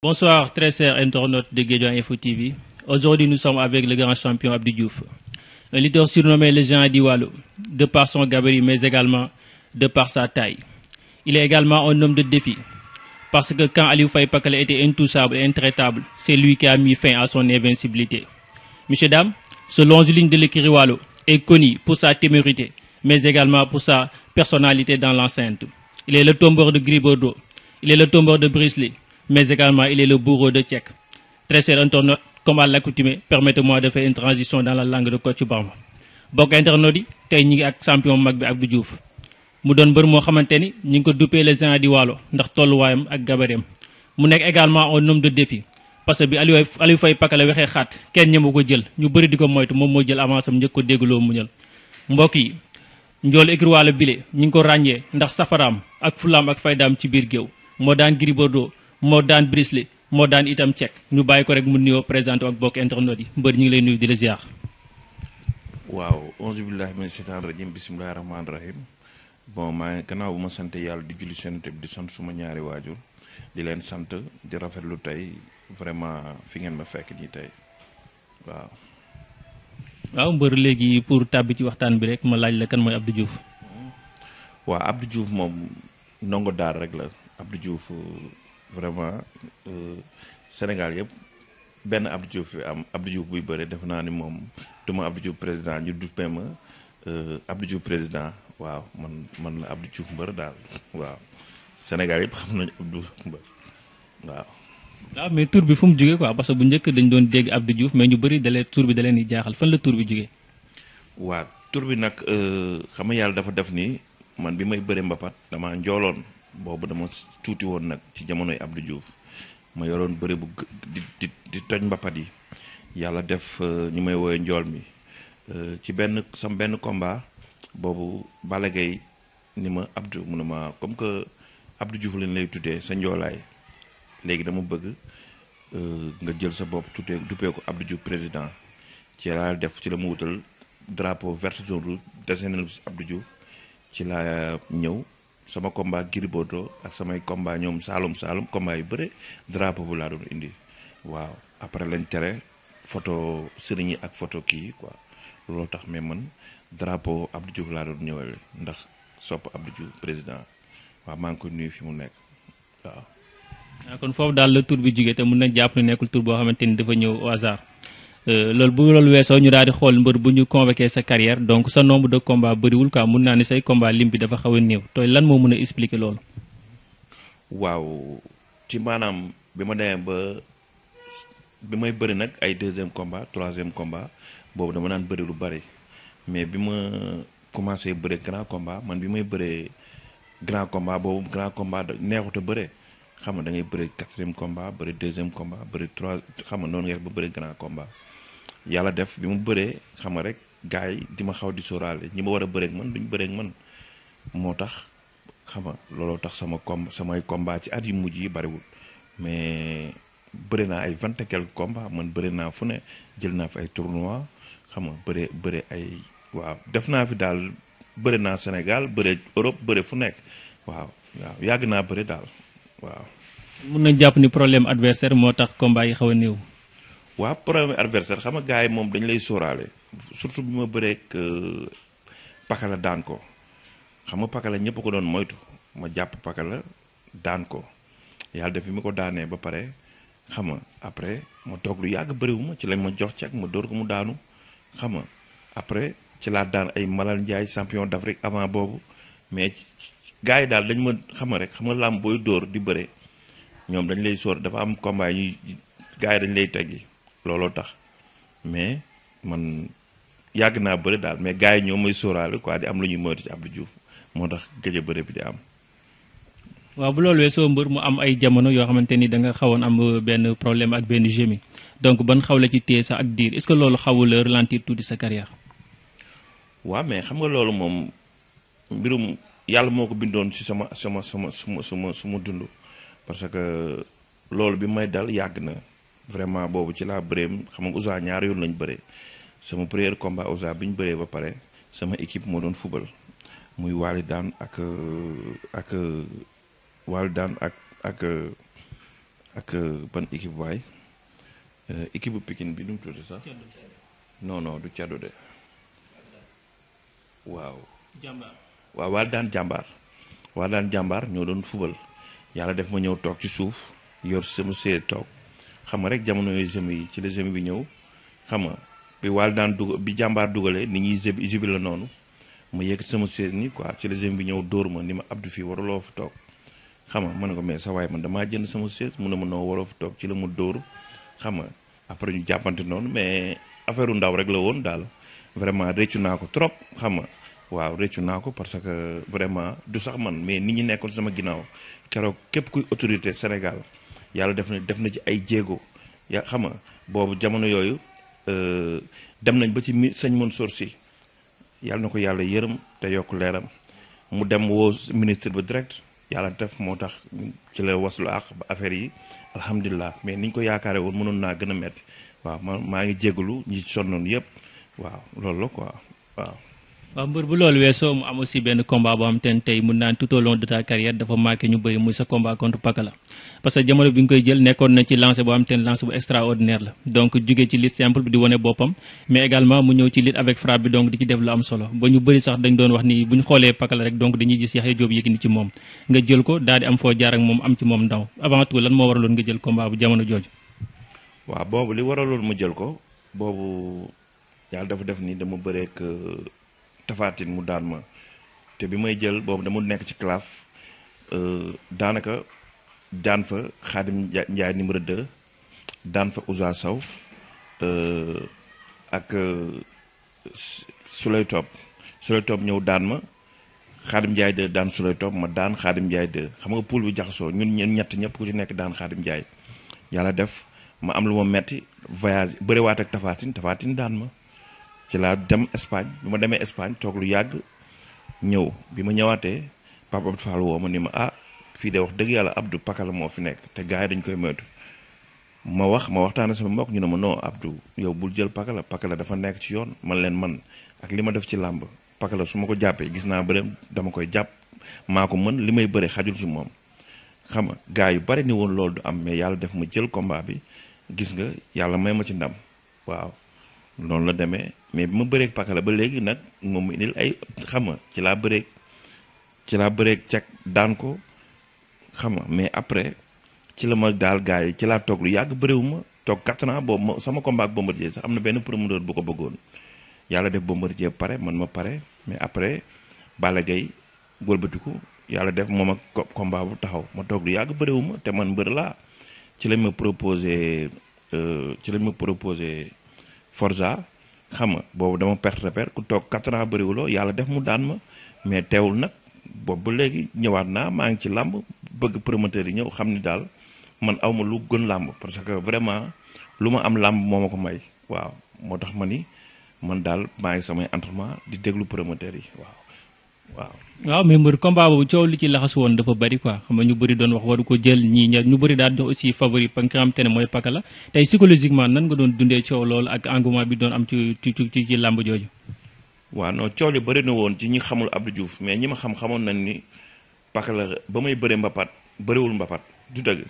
Bonsoir, très chers internautes de Guédouin Info TV. Aujourd'hui, nous sommes avec le grand champion Abdou Diouf, un leader surnommé le Jean Adiwalo, de par son gabarit, mais également de par sa taille. Il est également un homme de défi, parce que quand Aliou Faye était intouchable et intraitable, c'est lui qui a mis fin à son invincibilité. Monsieur dame, ce longiligne de l'Ekiriwalo est connu pour sa témérité, mais également pour sa personnalité dans l'enceinte. Il est le tombeur de Gribodo, il est le tombeur de Brisley, mais également il est le bourreau de Tchèque. Très cher internaute, comme à l'accoutumée, permettez-moi de faire une transition dans la langue de Coach Bamba. bokk internaute tay ñi ngi ak champion mag bi Abdou Diouf mu doon mbër mo xamanteni ni ñi ngi ko duppee les gens di walo ndax tolluwaayam ak gabarem. mu nek également un nombre de défi parce que bi Aliou Aliou Faye Pakale waxee xaat kenn ñëmu ko jël ñu bëri diko moytu mom mo jël avance am njëkk ko déggloo mu ñël mbokk yi njool écrit Waalo bile ñi ngi ko ràññee ndax safaram ak fulam ak faydam ci biir géew mo daan Gribordo. moo daan brisle moo daan itam cek ñu bàyyi ko rek mu nuyoo présenté ak bokk internet yi mbër ñu ngi lay nuyu di la ziar waaw onze billahi min setan rajim bismillahi rahmani rahim bon maa gannaaw bu ma sant yàlla di julli senante bi di sant suma ñaari waajur di leen sant di rafetlu tey vraiment fi ngeen ma fekk nii tey waaw waaw mbër léegi pour tàbbi ci waxtaan bi rek ma laaj la kan mooy abdou diouf waaw abdou diouf moom ndongo daar rek la abdou diouf vraiment euh, Sénégal yëpp benn Abdou Diouf fi am Abdou Diouf buy bëre def naa ni moom duma Abdou Diouf président ñu duppee ma euh, Abdou Diouf président waaw man man la Abdou Diouf mbër daal waaw Sénégal yëpp xam nañu Abdou Diouf mbër waaw. waaw ah, mais tur bi fu mu jógee quoi parce que bu njëkk dañ doon dégg Abdou Diouf mais ñu bëri dalee tur bi da leen di jaaxal fan la tur bi jógee. waa tur bi nag euh, xam nga yàlla dafa def nii man bi may bëre mbapat damaa njooloon. boobu dama tuuti woon nag ci jamonoy Abdou Diouf ma yoroon bëri bu di di di toj mbapat yi yàlla def euh, ñi may woowee njool mi euh, ci benn sam benn combat boobu Balla ni ma Abdou mu ne ma comme que Abdou Diouf leen lay tuddee sa njoolaay léegi dama bëgg euh, nga jël sa bopp tuddee duppee ko Abdou Diouf président ci laa def ci la mu wutal drapeau vert zone rouge dessiné Abdou Diouf ci laa ñëw sama combat Gris Bordeaux ak samay combat ñoom Saalum Saalum combat yu bëre drapeau bu laa doon indi waaw après lañ tere photo sëriñ yi ak photo kii yi quoi tax mais man drapeau Abdou Diouf laa doon ñëwee ndax sopp Abdou Diouf président waa maa ngi ko nuyu fi mu nekk waaw. Ah, kon foofu daal la tur bi jugee te mun nañ jàpp ne nekkul tur boo xamante ni dafa ñëw au hasard. Euh, loolu bu loolu weesoo ñu daal di xool mbër bu ñu convoqué sa carrière donc sa nombre de combat bëriwul quoi mun naa ni say combat lim bi dafa xaw a néew tooy lan moo mën a expliquer loolu. waaw ci maanaam bi ma demee ba bi may bëri nag ay deuxième combat troisième combat boobu dama naan bëri lu bëri mais bi ma commencé bëri grand combat man bi may bëree grand combat boobu grand combat neexut a bëre xam nga da ngay bëri quatrième combat bëri deuxième combat bëri trois xam nga noonu ngay ba bëri grand combat. yàlla def bi mu bëree xam nga rek gars yi di ma xaw di sóoraale ñi ma war a bëreeg man duñ bëreeg man moo tax xam nga looloo tax sama com samay combat ci at yu mujj yi bariwul mais bëri naa ay vingt et quelques man bëri naa fu ne jël naa fi ay tournois xam nga bëre bëri ay waaw def naa fi daal bëri naa Sénégal bëri Europe bëri fu nekk waaw waaw yàgg naa bëri daal waaw. mun nañ jàpp ni problème adversaire moo tax combat yi xaw a néew. waa premier adversaire xam nga gars yi moom dañ lay sóoraale surtout bi ma bëreek euh, pakala daan ko xam nga pakala ñëpp ko doon moytu ma jàpp pakala daan ko yàlla def bi ma ko daanee ba pare xam nga après ma toog lu yàgg bëriwuma ci lañ ma jox ceeg ma dóor ko mu daanu xam nga après ci laa daan ay Malal Ndiaye champion d'Afrique avant boobu mais gars yi daal dañ ma xam rek xam nga làmb booy dóor di bëre ñoom dañ lay sóor dafa am combat ñuy gars yi dañ lay teggi lolo tax mais man yàgg naa bëri daal mais gaay ñoo moy soral quoi di am lu ñuy ci Abdou Diouf motax tax beure bi di am. wa bu loolu weesoo mbeur mu am ay jamono yo xamanteni ni da nga xawon am ben problème ak ben jemi donc ban xaw la ci téye sa ak dir est ce que loolu xawul ralentir tout sa carrière. wa mais xam nga lolou mom mbirum yalla moko bindon ci si sama sama sama sama dundu parce que lolou bi may dal yàgg na. vraiment boobu ci laa bëreem xam nga Ouza ñaar yoon lañ bëree sama premier combat Ouza bi ñu bëree ba pare sama équipe moo doon fubal muy waali daan ak ak waali daan ak ak ak ban équipe waay euh, équipe bu bi nu mu tudd sax non du caddo de waaw jàmbaar waaw daan jàmbaar waali daan jàmbaar ñoo doon fubal yàlla def ma ñëw toog ci suuf yor sama see toog xam rek jamono yooyu zemi yi ci le zemi bi ñew xam bi wal daan dug bi jambar dugale ni ñi jëb jubi la nonu ma yëkkati sama seen ni quoi ci le zemi bi ñew door ma ni ma fi fii lo fu tok xam ma ne ko mais sa way man dama jënd sama seen mu ne ma no waroo fu tok ci le mu door xam ma après ñu non mais affaire ndaw rek la won dal vraiment reccu nako trop xam ma waaw reccu nako parce que vraiment du sax man mais ni ñi sama ginaaw kéro képp kuy autorité Sénégal yàlla def na def na ci ay jéego ya xam nga boobu jamono yooyu euh, dem nañ ba ci mi sëñ Mansour Sy yàlla na ko yàlla yërëm te yokk leeram mu dem woo ministre ba direct yàlla def moo tax ci la waslu ak ba affaire yi alhamdulilah mais niñ ko yaakaare woon mënoon naa gën a metti waaw ma maa ngi jégalu ñi noonu yëpp waaw loolu la quoi waaw waaw mbër bu loolu weesoo mu am aussi benn combat boo xam te ne tey mun naan tout long de ta carrière dafa marqué ñu bëri muy sa combat contre Pakala parce que jamono bi nga koy jël nekkoon na ci lancé boo xam te ne bu extraordinaire la donc jóge ci lutte simple bi di wane boppam mais également mu ñëw ci lutte avec frappe bi donc di ci def lu am solo ba ñu bëri sax dañ doon wax ni bu ñu xoolee Pakala rek donc dañuy gis Yaxya Joob Yékini ci ko daal di am moom am ci moom ndaw avant tout lan ko boobu yàlla dafa def ni tafaatin mu daan ma te bi may jël boobu dama nekk ci claf euh, daanaka daan fa xaadim njaay numéro 2 daan fa Ousa Sow euh, ak euh, Souley Top Souley Top ñëw daan ma xaadim njaay 2 daan Souley Top ma daan xaadim njaay 2 xam nga pool bi jaxasoo ñun ñun ñett ñëpp ku ci nekk daan xaadim njaay yàlla def ma am lu ma metti voyage bëriwaat ak tafaatin tafaatin daan ma je la dem espagne bi ma espagne tok lu yag ñew bima ma papa abdou fall woo ma ni ma ah fi de wax deug yalla abdou pakala mo fi nek te gaay dañ koy meutu ma wax ma waxtana sama mbokk ñu ne ma non abdou yow bul jël pakala pakala dafa nek ci yoon man len man ak lima def ci lamb pakala suma ko jappé gis na bërem dama koy japp mako man limay bëré xajul ci mom xam nga gaay yu bari ni won lool du am mais yalla def ma jël combat bi gis nga yalla may ma ci ndam waaw loolu la demee mais bi ma bëreeg la ba léegi nag moom mu indil ay xam nga ci laa bëreeg ci laa bëreek cag daan ko xam nga mais après ci la ma daal gars yi ci laa toog lu yàgg bëriwuma toog quatre ans boobu ma sama combat ak Bombardier sax am na benn promoteur bu ko bëggoon yàlla def Bombardier pare man ma pare mais après Balla Gaye wëlbatiku yàlla def moom ak combat bu taxaw ma toog lu yàgg bëriwuma te man mbër laa ci lañ ma proposé euh, ci lañ ma proposé Forza xam nga boobu dama perte repère ku toog 4 ans bëriwuloo yàlla def mu daan ma mais teewul nag boobu ba léegi ñëwaat naa maa ngi ci làmb bëgg promoteur yi ñëw xam ni daal man aw ma lu gën làmb parce que vraiment lu ma am làmb moo ma ko may waaw moo tax ma ni man daal maa ngi samay entraînement di déglu promoteur yi waaw. waaw waaw mais mbër combat boobu coow li ci laxas woon dafa bari quoi xam nga ñu bëri doon wax waru ko jël ñii ña ñu bëri daal jox aussi favori pa nga xam te ne mooy paka la tey psychologiquement nan nga doon dundee coow loolu ak engouement bi am ci ci ci ci waaw non coow li bëri na woon ci ñi xamul Abdou Diouf mais ñi ma xam xamoon nañ ni paka la ba may bëre mbappaat bariwul mbapat du dëgg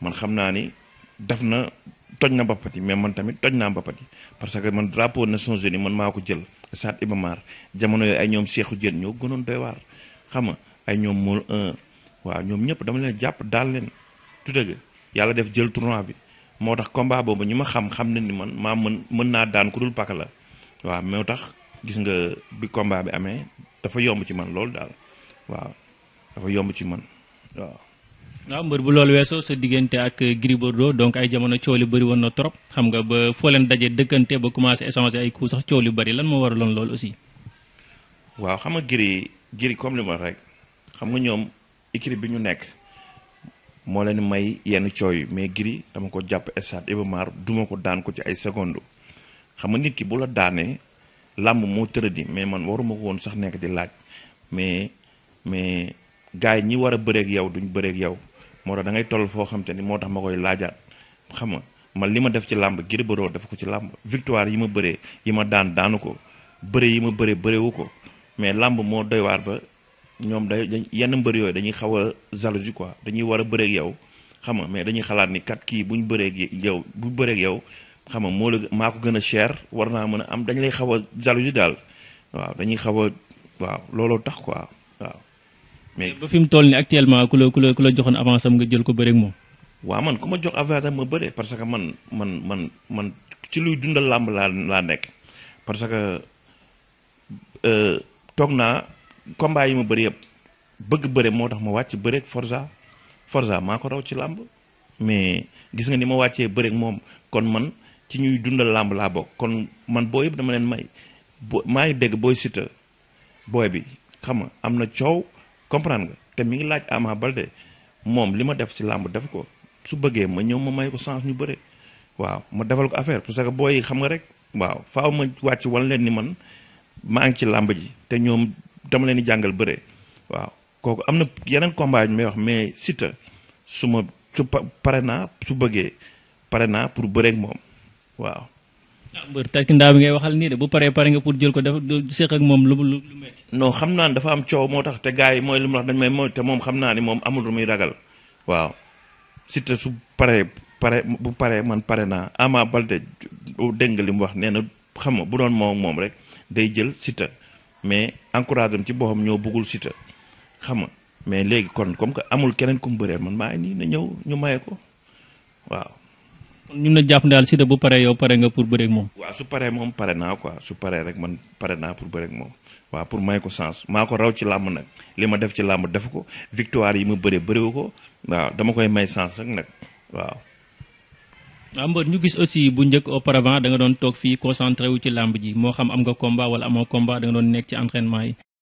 man xam naa ni daf na toj na mbapat yi mais man tamit toj naa mbapat yi parce que man na Nations ni man maa ko jël stade Iba Mar jamono yooyu ay ñoom Cheikhou Diène ñoo gënoon doy waar xam nga ay ñoom mool waaw ñoom ñëpp dama leen jàpp daal leen tu dëgg yàlla def jël tournoi bi moo tax combat boobu ñi ma xam xam ne ni man maa mën mën naa daan ku dul la waaw moo tax gis nga bi combat bi amee dafa yomb ci man loolu daal waaw dafa yomb ci man waaw waaw mbër bu loolu weesoo sa diggante ak Gris Bordeaux donc ay jamono coow li bëri woon na trop xam nga ba foo leen daje dëkkante ba commencé échanger ay coups sax coow li bëri lan moo waraloon loolu aussi. waaw xam nga Gris Gris comme rek xam nga ñoom équipe bi ñu nekk moo leen may yenn coow yi mais Gris dama ko jàpp stade Iba Mar duma ko daan ko ci ay secondes xam nga nit ki bu la daanee làmb moo tëradi mais man waruma ko woon sax nekk di laaj mais mais gars yi ñi war a bëreek yow duñ bëreek yow. moo tax da ngay toll foo xam te ni moo tax ma koy laajaat xam nga man li ma def ci làmb Gris Bordeaux def ko ci làmb victoire yi ma bëree yi ma daan daanu ko bëre yi ma bëree bërewu ko mais làmb moo doy waar ba ñoom day yenn mbër yooyu dañuy xaw a jalousie quoi dañuy war a bëreeg yow xam nga mais dañuy xalaat ni kat kii buñ bëreeg yow bu bëreeg yow xam nga moo la maa ko gën a cher war naa mën a am dañ lay xaw a jalousie daal waaw dañuy xaw a waaw looloo tax quoi waaw mais ba fi mu toll nii actuellement ku la ku la ku la joxoon avance nga jël ko bëri moom. waaw man ku ma jox avance am ma bëree parce que man man man man ci luy dundal làmb laa laa nekk parce que euh, toog naa combat yi ma bëri yëpp bëgg bëre moo tax ma wàcc bëre ak Forza Forza maa ko raw ci làmb mais gis nga ni ma wàccee bëre moom kon man ci ñuy dundal làmb laa bokk kon man boo yëpp dama leen may bo maa ngi dégg booy Siteu booy bi xam nga am na coow. comprendre nga te mi ngi laaj amaa Baldé moom li ma def si làmb def ko su bëggee ma ñëw ma may ko chance ñu bëre waaw ma defal ko affaire parce que booy xam nga rek waaw faaw ma wàcc wan leen ni man maa ngi ci làmb ji te ñoom dama leen di jàngal bëre waaw kooku am na yeneen combat may wax mais sita su ma su pare naa su bëggee pare naa pour bëreek moom waaw. ah mbër tarkindaa bi ngay waxal nii de bu paree pare nga pour jël ko dafa séq ak moom lu lu metti noo xam naa ne dafa am coow moo tax te gars yi mooy lu mu wax dañ te moom xam naa ni moom amul muy ragal waaw Siteu su paree pare bu paree man pare naa Ama Baldé dégg li mu wax nee na xam nga bu doon moom moom rek day jël Siteu mais encourage am ci boppam ñoo buggul Siteu xam nga mais léegi kon comme que amul keneen ku mu bëree man maa ngi nii na ñëw ñu maye ko waaw ñun la jàpp daal Siteu bu pare yow pare nga pour bëreeg moom. waaw su paree moom pare naa quoi su pare rek man pare naa pour bëreeg moom waaw pour may ko sens maa ko raw ci làmb nag li ma def ci làmb def ko victoire yi ma bëree bëriwu ko waaw dama koy may sens rek nag waaw. waaw ah, mbër ñu gis aussi bu njëkk auparavant da nga doon toog fii concentré wu ci làmb ji moo xam am nga combat wala amoo combat da nga doon nekk ci entraînement yi.